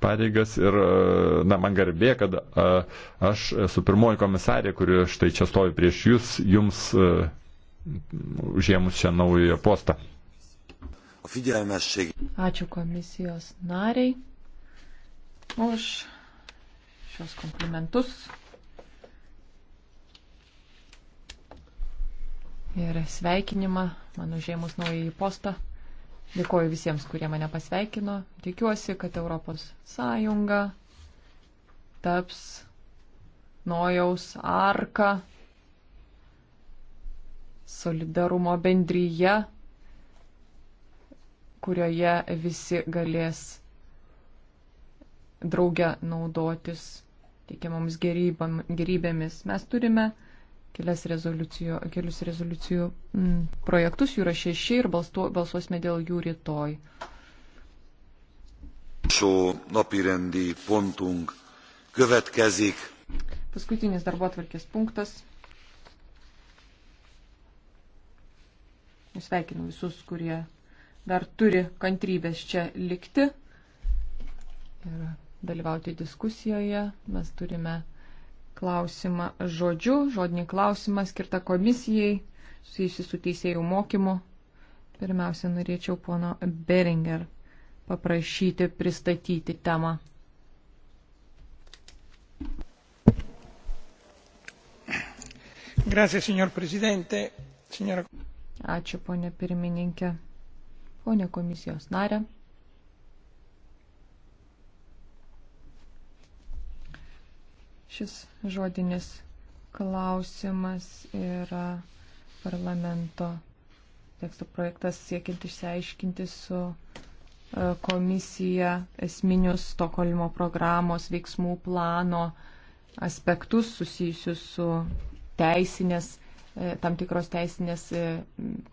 pareigas ir, e, na, man garbė, kad a, e, aš esu pirmoji komisarė, kuri štai čia stovi prieš jūs, jums e, užėmus šią naują postą. Ačiū komisijos nariai už šios komplimentus. Ir sveikinimą, man užėmus naująjį postą. Dėkoju visiems, kurie mane pasveikino. Tikiuosi, kad Europos Sąjunga taps Nojaus arka, solidarumo bendryje, kurioje visi galės draugę naudotis teikiamoms gerybėmis. Mes turime kelias rezoliucijų, kelius rezoliucijų mm, projektus, jų yra šeši ir balsuo, balsuosime dėl jų rytoj. Paskutinis darbo atvarkės punktas. Sveikinu visus, kurie dar turi kantrybės čia likti ir dalyvauti diskusijoje. Mes turime klausimą žodžiu, žodinį klausimą skirtą komisijai, susijusi su teisėjų mokymu. Pirmiausia, norėčiau pono Beringer paprašyti pristatyti temą. Grazie, signor Presidente. Signora... Ačiū, ponė pirmininkė. Ponė komisijos narė. Šis žodinis klausimas yra parlamento teksto projektas siekiant išsiaiškinti su e, komisija esminius Stokholmo programos veiksmų plano aspektus susijusius su teisinės, e, tam tikros teisinės e,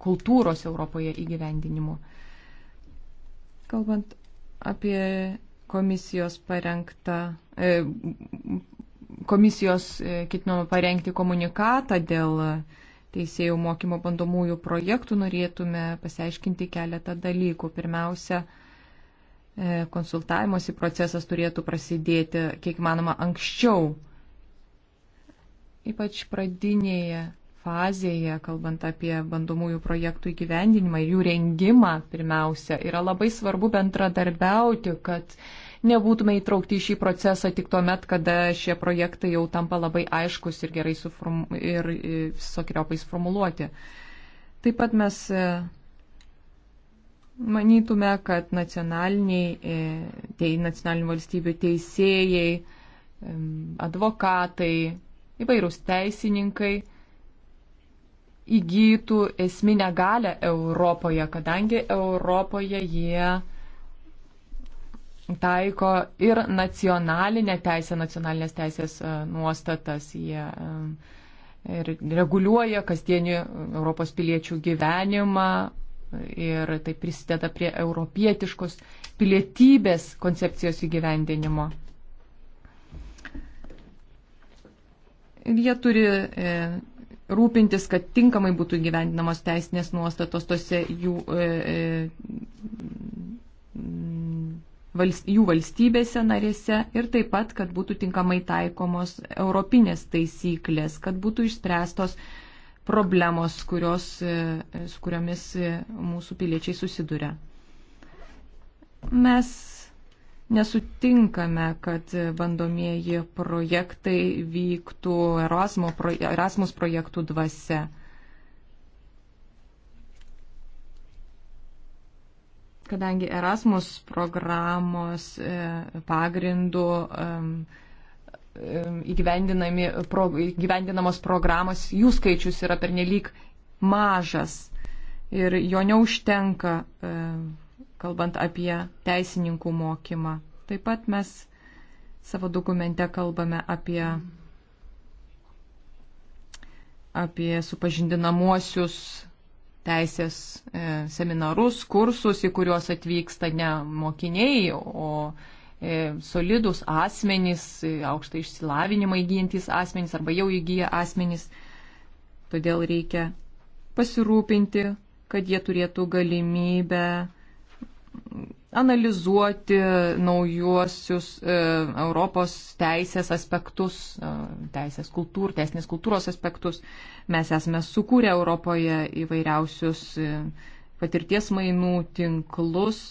kultūros Europoje įgyvendinimu. Kalbant apie komisijos parengtą, komisijos e, ketinome parengti komunikatą dėl teisėjų mokymo bandomųjų projektų, norėtume pasiaiškinti keletą dalykų. Pirmiausia, e, konsultavimosi procesas turėtų prasidėti kiek manoma anksčiau, ypač pradinėje fazėje, kalbant apie bandomųjų projektų įgyvendinimą ir jų rengimą pirmiausia, yra labai svarbu bendradarbiauti, kad uh, nebūtume įtraukti į šį procesą tik tuo met, kada šie projektai jau tampa labai aiškus ir gerai suform... ir e, visokiojopai suformuluoti. Taip pat mes e, manytume, kad nacionaliniai, tai nacionalinių valstybių teisėjai, advokatai, įvairūs teisininkai įgytų esminę galę Europoje, kadangi Europoje jie taiko ir nacionalinę teisę, nacionalinės teisės e, nuostatas. Jie e, ir reguliuoja kasdienį Europos piliečių gyvenimą ir tai prisideda prie europietiškos pilietybės koncepcijos įgyvendinimo. Jie turi e, rūpintis, kad tinkamai būtų gyvendinamos teisinės nuostatos tose jų e, e, jų valstybėse narėse ir taip pat, kad būtų tinkamai taikomos europinės taisyklės, kad būtų išspręstos problemos, kurios, e, su kuriomis e, mūsų piliečiai susiduria. Mes nesutinkame, kad bandomieji projektai vyktų Erasmus projektų dvasia kadangi Erasmus programos e, pagrindų pro, įgyvendinamos programos, jų skaičius yra pernelyg mažas ir jo neužtenka, e, kalbant apie teisininkų mokymą. Taip pat mes savo dokumente kalbame apie, apie supažindinamuosius teisės e, seminarus, kursus, į kuriuos atvyksta ne mokiniai, o e, solidus asmenys, e, aukštą išsilavinimą įgyjantys asmenys arba jau įgyja asmenys. Todėl reikia pasirūpinti, kad jie turėtų galimybę analizuoti naujuosius e, Europos teisės aspektus, e, teisės kultūr, teisinės kultūros aspektus. Mes esame sukūrę Europoje įvairiausius e, patirties mainų tinklus,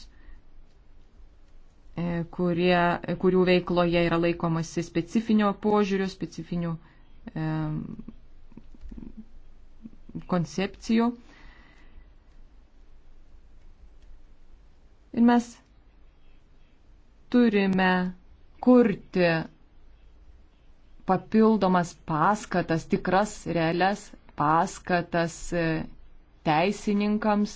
kurie, kurių veikloje yra laikomasi specifinio požiūrio, specifinių e, koncepcijų. E, Ir mes turime kurti papildomas paskatas, tikras, realias paskatas e, teisininkams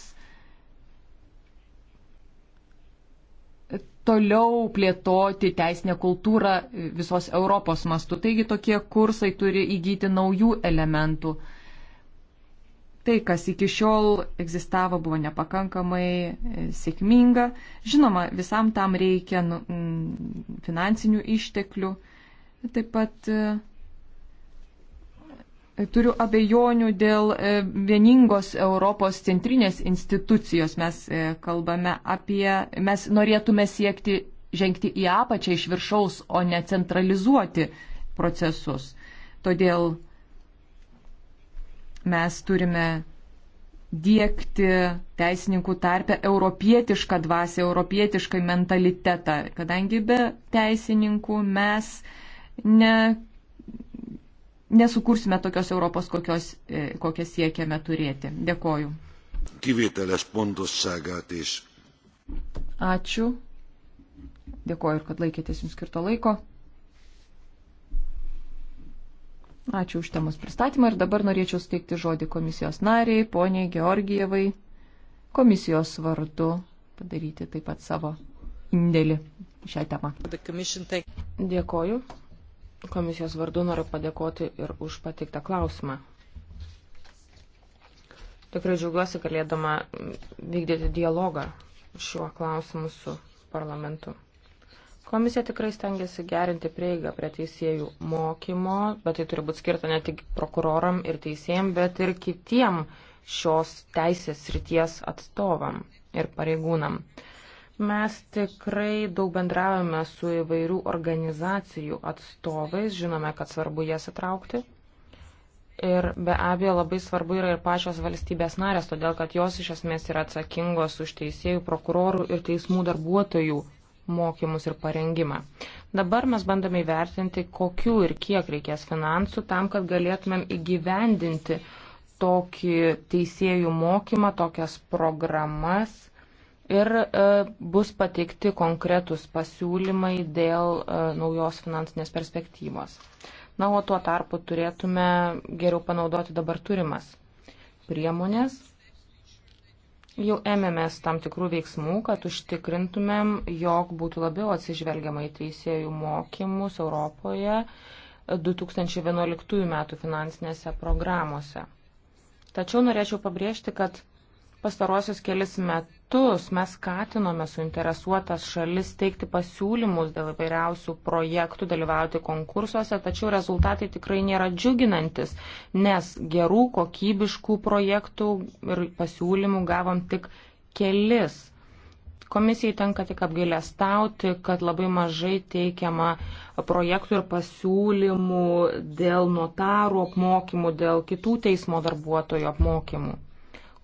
toliau plėtoti teisinę kultūrą visos Europos mastu. Taigi tokie kursai turi įgyti naujų elementų tai, kas iki šiol egzistavo, buvo nepakankamai e, sėkminga. Žinoma, visam tam reikia nu, mm, finansinių išteklių. Taip pat e, turiu abejonių dėl e, vieningos Europos centrinės institucijos. Mes kalbame apie, mes norėtume siekti žengti į apačią iš viršaus, o ne centralizuoti procesus. Todėl mes turime dėkti teisininkų tarpę europietišką dvasę, europietišką mentalitetą, kadangi be teisininkų mes ne, nesukursime tokios Europos, kokios, e, kokią siekiame turėti. Dėkoju. Kivételes pontos ságát is. Ačiū. Dėkoju ir kad laikėtės jums skirto laiko. Ačiū už temos pristatymą ir dabar norėčiau steigti žodį komisijos nariai, poniai Georgijevai, komisijos vardu padaryti taip pat savo indėlį šią temą. Dėkoju. Komisijos vardu noriu padėkoti ir už pateiktą klausimą. Tikrai džiaugiuosi galėdama vykdyti dialogą šiuo klausimu su parlamentu. Komisija tikrai stengiasi gerinti prieigą prie teisėjų mokymo, bet tai turi būti skirta ne tik prokuroram ir teisėjim, bet ir kitiem šios teisės ryties atstovam ir pareigūnam. Mes tikrai daug bendravome su įvairių organizacijų atstovais, žinome, kad svarbu jas atraukti. Ir be abejo labai svarbu yra ir pačios valstybės narės, todėl kad jos iš esmės yra atsakingos už teisėjų, prokurorų ir teismų darbuotojų mokymus ir parengimą. Dabar mes bandome įvertinti, kokiu ir kiek reikės finansų tam, kad galėtumėm įgyvendinti tokį teisėjų mokymą, tokias programas ir e, bus pateikti konkretus pasiūlymai dėl e, naujos finansinės perspektyvos. Na, o tuo tarpu turėtume geriau panaudoti dabar turimas priemonės jau ėmėmės tam tikrų veiksmų, kad užtikrintumėm, jog būtų labiau atsižvelgiama į teisėjų mokymus Europoje 2011 metų finansinėse programuose. Tačiau norėčiau pabrėžti, kad pastarosius kelis metus metus mes skatinome suinteresuotas šalis teikti pasiūlymus dėl įvairiausių projektų, dalyvauti konkursuose, tačiau rezultatai tikrai nėra džiuginantis, nes gerų kokybiškų projektų ir pasiūlymų gavom tik kelis. Komisijai tenka tik apgailestauti, kad labai mažai teikiama projektų ir pasiūlymų dėl notarų apmokymų, dėl kitų teismo darbuotojų apmokymų.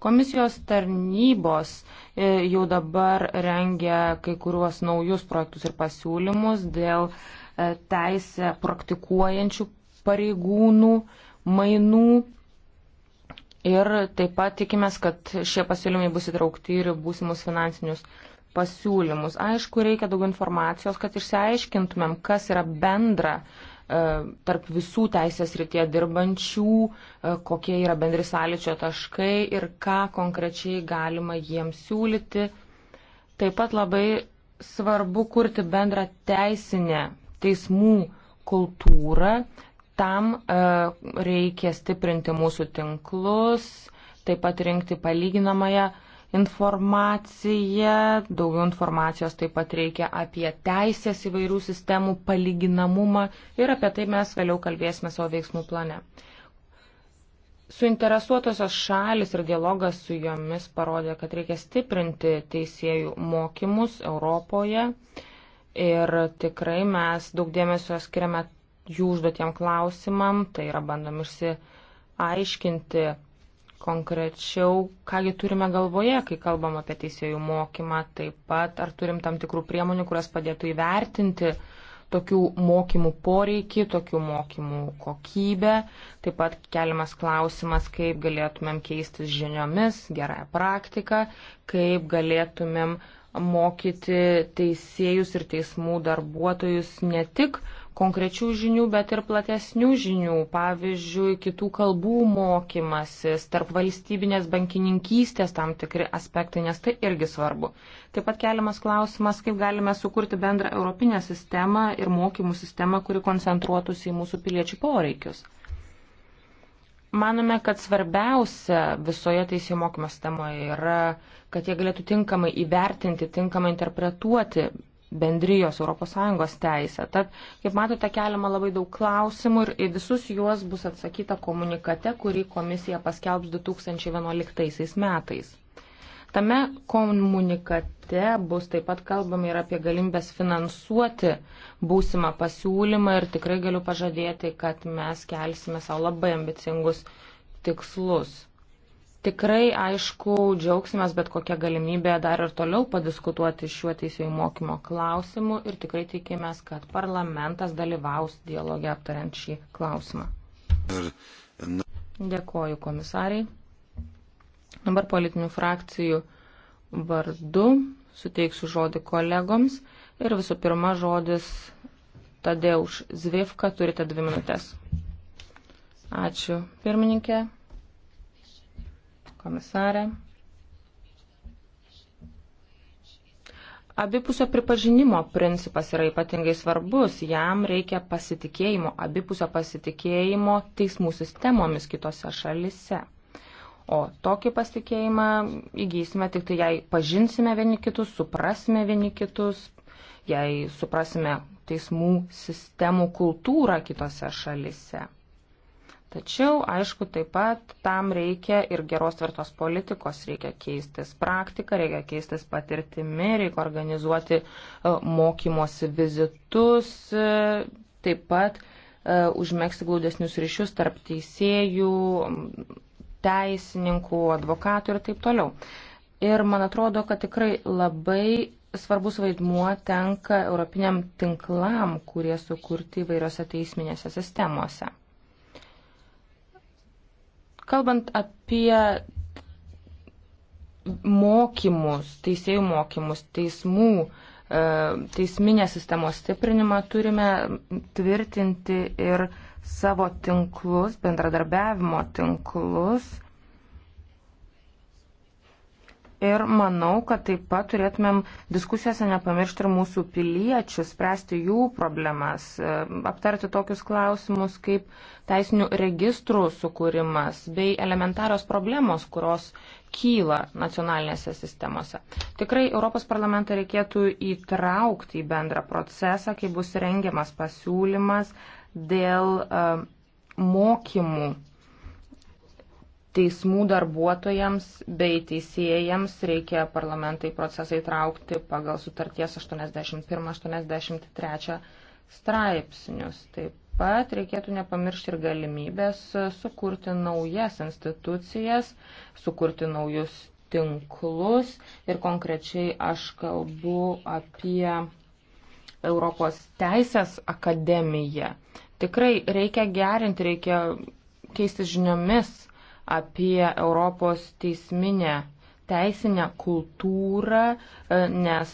Komisijos tarnybos e, jau dabar rengia kai kuriuos naujus projektus ir pasiūlymus dėl e, teisę praktikuojančių pareigūnų mainų. Ir taip pat tikimės, kad šie pasiūlymai bus įtraukti ir būsimus finansinius pasiūlymus. Aišku, reikia daug informacijos, kad išsiaiškintumėm, kas yra bendra uh, E, tarp visų teisės rytie dirbančių, e, kokie yra bendri sąlyčio taškai ir ką konkrečiai galima jiems siūlyti. Taip pat labai svarbu kurti bendrą teisinę teismų kultūrą. Tam e, reikia stiprinti mūsų tinklus, taip pat rinkti palyginamąją informacija, daugiau informacijos taip pat reikia apie teisės įvairių sistemų palyginamumą ir apie tai mes vėliau kalbėsime savo veiksmų plane. Suinteresuotosios šalis ir dialogas su jomis parodė, kad reikia stiprinti teisėjų mokymus Europoje ir tikrai mes daug dėmesio skiriame jų užduotiem klausimam, tai yra bandom išsiaiškinti konkrečiau, kągi turime galvoje, kai kalbam apie teisėjų mokymą, taip pat ar turim tam tikrų priemonių, kurias padėtų įvertinti tokių mokymų poreikį, tokių mokymų kokybę. Taip pat keliamas klausimas, kaip galėtumėm keistis žiniomis, gerąją praktiką, kaip galėtumėm mokyti teisėjus ir teismų darbuotojus ne tik konkrečių žinių, bet ir platesnių žinių, pavyzdžiui, kitų kalbų mokymasis, tarp valstybinės bankininkystės tam tikri aspektai, nes tai irgi svarbu. Taip pat keliamas klausimas, kaip galime sukurti bendrą europinę sistemą ir mokymų sistemą, kuri koncentruotųsi į mūsų piliečių poreikius. Manome, kad svarbiausia visoje teisėjų mokymo sistemoje yra, kad jie galėtų tinkamai įvertinti, tinkamai interpretuoti bendrijos ES teisę. Tad, kaip matote, keliama labai daug klausimų ir į visus juos bus atsakyta komunikate, kurį komisija paskelbs 2011 metais. Tame komunikate bus taip pat kalbama ir apie galimybės finansuoti būsimą pasiūlymą ir tikrai galiu pažadėti, kad mes kelsime savo labai ambicingus tikslus. Tikrai, aišku, džiaugsimės bet kokią galimybę dar ir toliau padiskutuoti šiuo teisėjų mokymo klausimu ir tikrai tikimės, kad parlamentas dalyvaus dialogę aptariant šį klausimą. Dėkoju komisariai. Dabar politinių frakcijų vardu suteiksiu žodį kolegoms ir visų pirma žodis Tadeuš Zvivka, turite dvi minutės. Ačiū, pirmininkė komisarė. Abipusio pripažinimo principas yra ypatingai svarbus, jam reikia pasitikėjimo, abipusio pasitikėjimo teismų sistemomis kitose šalise. O tokį pasitikėjimą įgysime tik tai, jei pažinsime vieni kitus, suprasime vieni kitus, jei suprasime teismų sistemų kultūrą kitose šalise. Tačiau, aišku, taip pat tam reikia ir geros tvirtos politikos, reikia keistis praktiką, reikia keistis patirtimi, reikia organizuoti e, mokymosi vizitus, e, taip pat e, užmėgsti glaudesnius ryšius tarp teisėjų, teisininkų, advokatų ir taip toliau. Ir man atrodo, kad tikrai labai svarbus vaidmuo tenka europiniam tinklam, kurie sukurti įvairiose teisminėse sistemose. Kalbant apie mokymus, teisėjų mokymus, teismų, e, teisminės sistemos stiprinimą, turime tvirtinti ir savo tinklus, bendradarbiavimo tinklus Ir manau, kad taip pat turėtumėm diskusijose nepamiršti ir mūsų piliečių, spręsti jų problemas, e, aptarti tokius klausimus kaip teisinių registrų sukūrimas bei elementarios problemos, kurios kyla nacionalinėse sistemose. Tikrai Europos parlamentą reikėtų įtraukti į bendrą procesą, kai bus rengiamas pasiūlymas dėl e, mokymų teismų darbuotojams bei teisėjams reikia parlamentai procesai traukti pagal sutarties 81-83 straipsnius. Taip pat reikėtų nepamiršti ir galimybės sukurti naujas institucijas, sukurti naujus tinklus ir konkrečiai aš kalbu apie Europos Teisės akademiją. Tikrai reikia gerinti, reikia keisti žiniomis apie Europos teisminę teisinę kultūrą, e, nes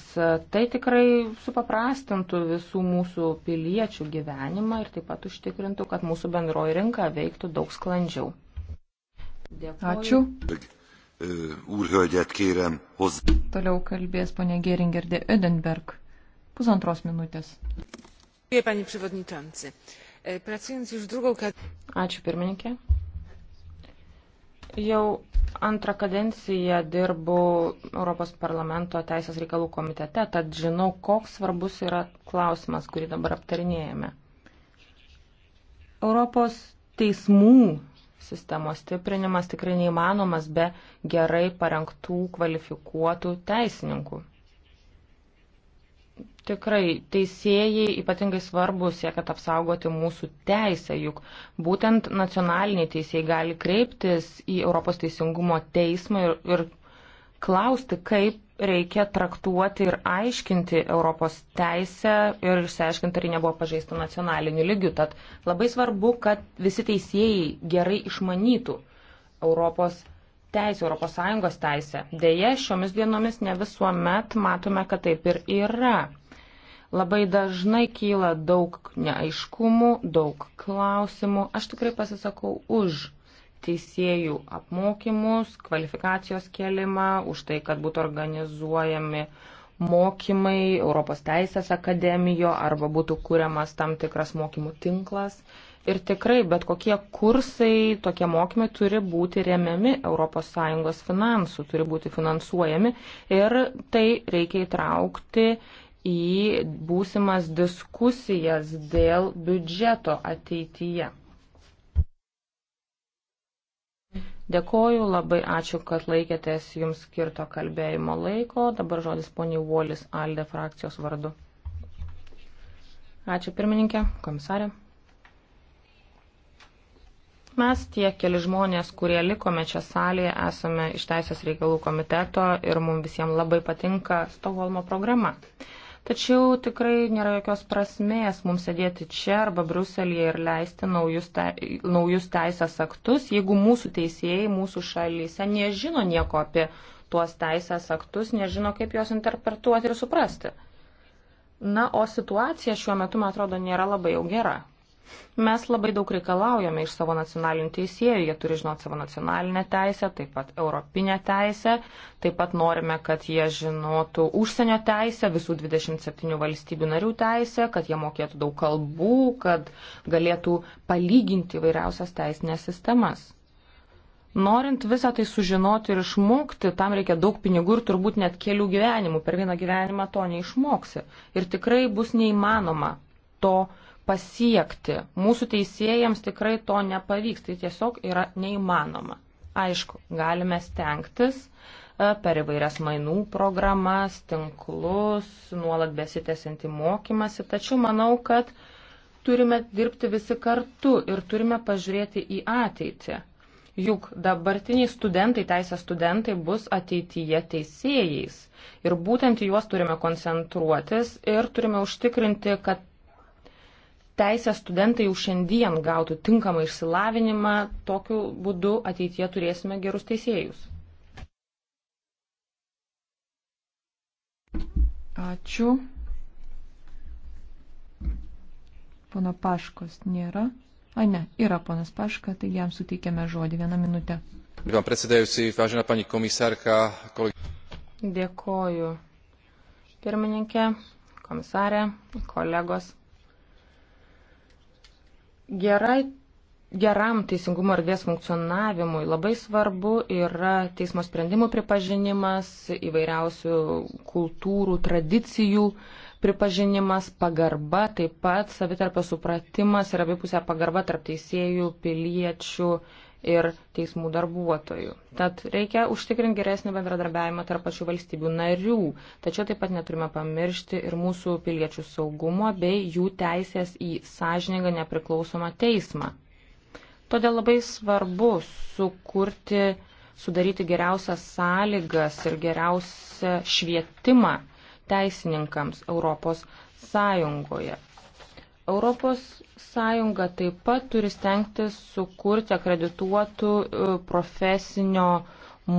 tai tikrai supaprastintų visų mūsų piliečių gyvenimą ir taip pat užtikrintų, kad mūsų bendroji rinka veiktų daug sklandžiau. Dėkuoju. Ačiū. Toliau kalbės ponė Geringerdė Ödenberg. Pusantros minutės. E, Ačiū pirmininkė. Jau antrą kadenciją dirbu Europos parlamento teisės reikalų komitete, tad žinau, koks svarbus yra klausimas, kurį dabar aptarinėjame. Europos teismų sistemos stiprinimas tikrai neįmanomas be gerai parengtų, kvalifikuotų teisininkų. Tikrai teisėjai ypatingai svarbu siekiant apsaugoti mūsų teisę, juk būtent nacionaliniai teisėjai gali kreiptis į Europos teisingumo teismą ir, ir klausti, kaip reikia traktuoti ir aiškinti Europos teisę ir išsiaiškinti, ar ji nebuvo pažeista nacionaliniu lygiu. Tad labai svarbu, kad visi teisėjai gerai išmanytų Europos teisę teisę, ES teisę. Deja, šiomis dienomis ne visuomet matome, kad taip ir yra. Labai dažnai kyla daug neaiškumų, daug klausimų. Aš tikrai pasisakau už teisėjų apmokymus, kvalifikacijos kelimą, už tai, kad būtų organizuojami uh, mokymai Europos Teisės akademijo arba būtų kuriamas tam tikras mokymų tinklas. Ir tikrai bet kokie kursai, tokie mokymai turi būti remiami ES finansų, turi būti finansuojami ir tai reikia įtraukti į būsimas diskusijas dėl biudžeto ateityje. Dėkoju, labai ačiū, kad laikėtės jums skirto kalbėjimo laiko. Dabar žodis poniai Volis Alde frakcijos vardu. Ačiū pirmininkė, komisarė. Mes tie keli žmonės, kurie likome čia salėje, esame iš Teisės reikalų komiteto ir mums visiems labai patinka Stokholmo programa. Tačiau tikrai nėra jokios prasmės mums sėdėti čia arba Bruselėje ir leisti naujus, te, naujus teisės aktus, jeigu mūsų teisėjai mūsų šalyse nežino nieko apie tuos teisės aktus, nežino, kaip juos interpretuoti ir suprasti. Na, o situacija šiuo metu, man atrodo, nėra labai jau gera. Mes labai daug reikalaujame iš savo nacionalinių teisėjų, jie turi žinoti savo nacionalinę teisę, taip pat europinę teisę, taip pat norime, kad jie žinotų užsienio teisę, visų 27 valstybių narių teisę, kad jie mokėtų daug kalbų, kad galėtų palyginti vairiausias teisinės sistemas. Norint visą tai sužinoti ir išmokti, tam reikia daug pinigų ir turbūt net kelių gyvenimų. Per vieną gyvenimą to neišmoksi. Ir tikrai bus neįmanoma to pasiekti. Mūsų teisėjams tikrai to nepavyks, tai tiesiog yra neįmanoma. Aišku, galime stengtis e, per įvairias mainų programas, tinklus, nuolat besitęsinti mokymasi, tačiau manau, kad turime dirbti visi kartu ir turime pažiūrėti į ateitį. Juk dabartiniai studentai, teisės studentai bus ateityje teisėjais. Ir būtent į juos turime koncentruotis ir turime užtikrinti, kad teisę studentai jau šiandien gautų tinkamą išsilavinimą, tokiu būdu ateitie turėsime gerus teisėjus. Ačiū. Pono Paškos nėra. A ne, yra ponas Paška, tai jam suteikėme žodį vieną minutę. Dėkoju. Pirmininkė, komisarė, kolegos. Gerai, geram teisingumo erdvės funkcionavimui labai svarbu yra teismo sprendimų pripažinimas, įvairiausių kultūrų, tradicijų pripažinimas, pagarba, taip pat savitarpio supratimas ir abipusė pagarba tarp teisėjų, piliečių ir teismų darbuotojų. Tad reikia užtikrinti geresnį bendradarbiavimą tarp pačių valstybių narių. Tačiau taip pat neturime pamiršti ir mūsų piliečių saugumo bei jų teisės į sąžiningą nepriklausomą teismą. Todėl labai svarbu sukurti, sudaryti geriausias sąlygas ir geriausią švietimą teisininkams Europos Sąjungoje. Europos Sąjunga taip pat turi stengtis sukurti akredituotų e, profesinio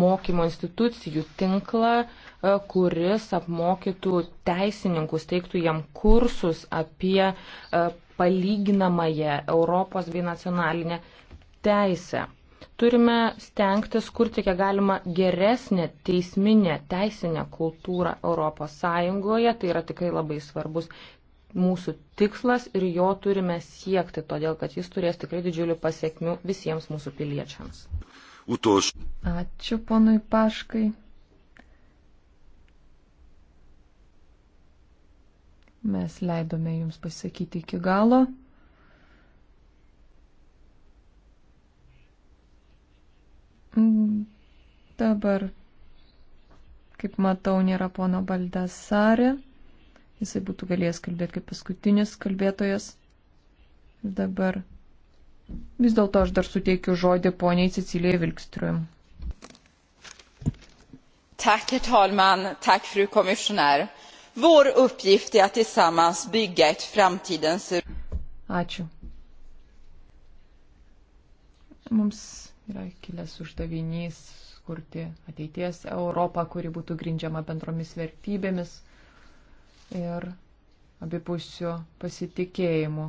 mokymo institucijų tinklą, e, kuris apmokytų teisininkus, teiktų jam kursus apie e, palyginamąją Europos bei nacionalinę teisę. Turime stengtis kurti kiek galima geresnę teisminę teisinę kultūrą Europos Sąjungoje. Tai yra tikrai labai svarbus mūsų tikslas ir jo turime siekti, todėl kad jis turės tikrai didžiulių pasiekmių visiems mūsų piliečiams. Utos. Ačiū ponui Paškai. Mes leidome jums pasakyti iki galo. Mm, dabar, kaip matau, nėra pono Baldasarė. Jisai būtų galėjęs kalbėti kaip paskutinis kalbėtojas. Dabar vis dėlto aš dar suteikiu žodį poniai Cecilijai Vilkstriui. Tack, herr talman. Tack, fru kommissionär. Vår uppgift är att tillsammans bygga ett framtidens Ačiū. Mums yra kilęs uždavinys kurti ateities Europą, kuri būtų grindžiama bendromis vertybėmis, ir abipusio pasitikėjimo.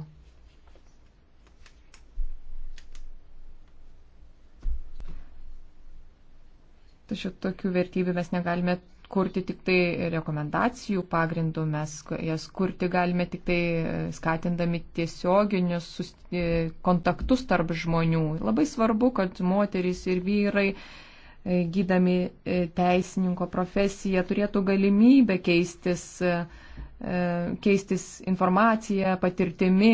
Tačiau tokių vertybių mes negalime kurti tik tai rekomendacijų pagrindų, mes jas kurti galime tik tai skatindami tiesioginius kontaktus tarp žmonių. Labai svarbu, kad moteris ir vyrai E, gydami e, teisininko profesiją, turėtų galimybę keistis, e, keistis informaciją, patirtimi,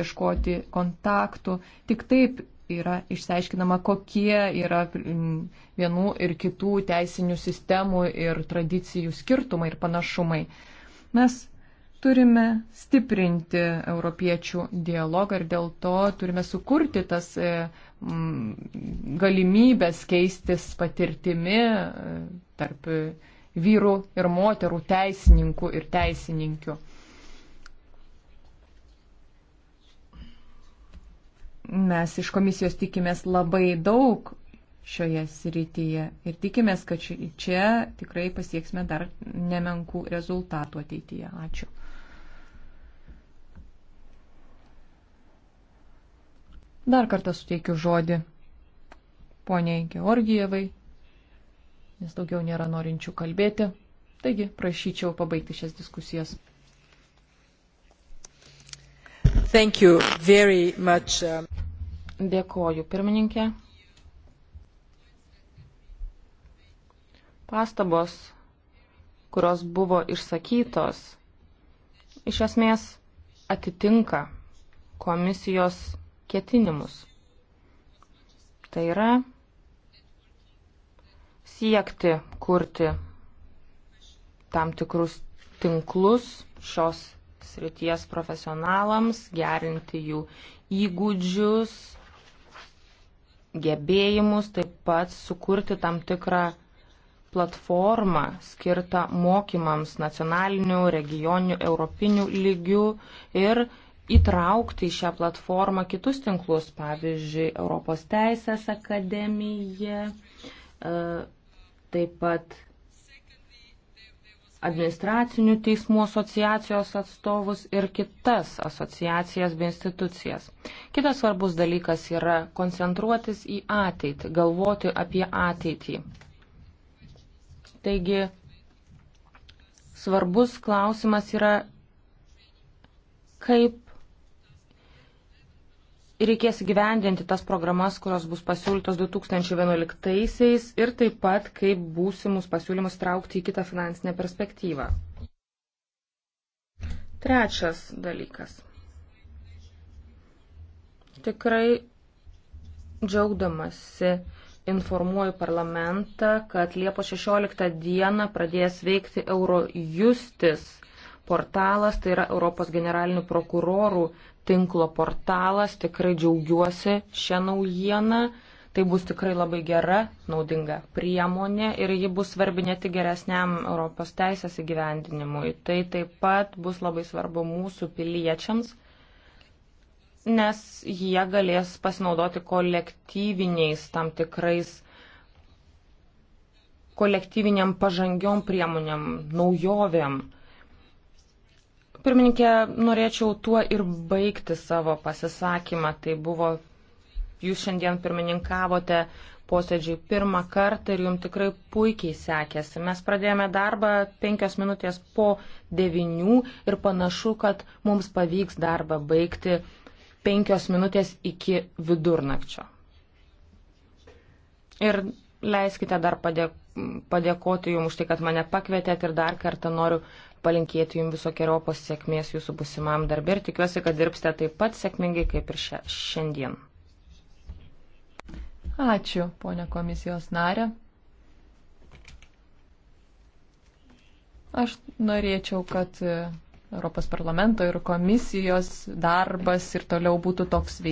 ieškoti kontaktų. Tik taip yra išsiaiškinama, kokie yra vienų ir kitų teisinių sistemų ir tradicijų skirtumai ir panašumai. Mes turime stiprinti europiečių dialogą ir dėl to turime sukurti tas e, galimybės keistis patirtimi e, tarp e, vyrų ir moterų teisininkų ir teisininkių. Mes iš komisijos tikimės labai daug šioje srityje ir tikimės, kad čia tikrai pasieksime dar nemenkų rezultatų ateityje. Ačiū. Dar kartą suteikiu žodį poniai Georgijevai, nes daugiau nėra norinčių kalbėti. Taigi, prašyčiau pabaigti šias diskusijas. Much, um... Dėkoju, pirmininkė. Pastabos, kurios buvo išsakytos, iš esmės atitinka komisijos ketinimus. Tai yra siekti kurti tam tikrus tinklus šios srities profesionalams, gerinti jų įgūdžius, gebėjimus, taip pat sukurti tam tikrą platformą skirtą mokymams nacionalinių, regioninių, europinių lygių ir įtraukti į šią platformą kitus tinklus, pavyzdžiui, Europos Teisės akademija, e, taip pat administracinių teismų asociacijos atstovus ir kitas asociacijas bei institucijas. Kitas svarbus dalykas yra koncentruotis į ateitį, galvoti apie ateitį. Taigi, svarbus klausimas yra, kaip reikės gyvendinti tas programas, kurios bus pasiūlytos 2011-aisiais ir taip pat kaip būsimus pasiūlymus traukti į kitą finansinę perspektyvą. Trečias dalykas. Tikrai džiaugdamasi informuoju parlamentą, kad Liepo 16 dieną pradės veikti Eurojustis portalas, tai yra Europos generalinių prokurorų tinklo portalas. Tikrai džiaugiuosi šią naujieną. Tai bus tikrai labai gera, naudinga priemonė ir ji bus svarbi ne tik geresniam Europos teisės įgyvendinimui, tai taip pat bus labai svarbu mūsų piliečiams, nes jie galės pasinaudoti kolektyviniais tam tikrais kolektyviniam pažangiom priemonėm, naujovėm. Pirmininkė, norėčiau tuo ir baigti savo pasisakymą. Tai buvo, jūs šiandien pirmininkavote posėdžiui pirmą kartą ir jums tikrai puikiai sekėsi. Mes pradėjome darbą penkios minutės po devinių ir panašu, kad mums pavyks darbą baigti penkios minutės iki vidurnakčio. Ir leiskite dar padė, padėkoti jums už tai, kad mane pakvietėt ir dar kartą noriu palinkėti jums visokiojopos sėkmės jūsų busimam darbė ir tikiuosi, kad dirbsite taip pat sėkmingai kaip ir šia, šiandien. Ačiū, ponia komisijos narė. Aš norėčiau, kad Europos parlamento ir komisijos darbas ir toliau būtų toks veiksmas.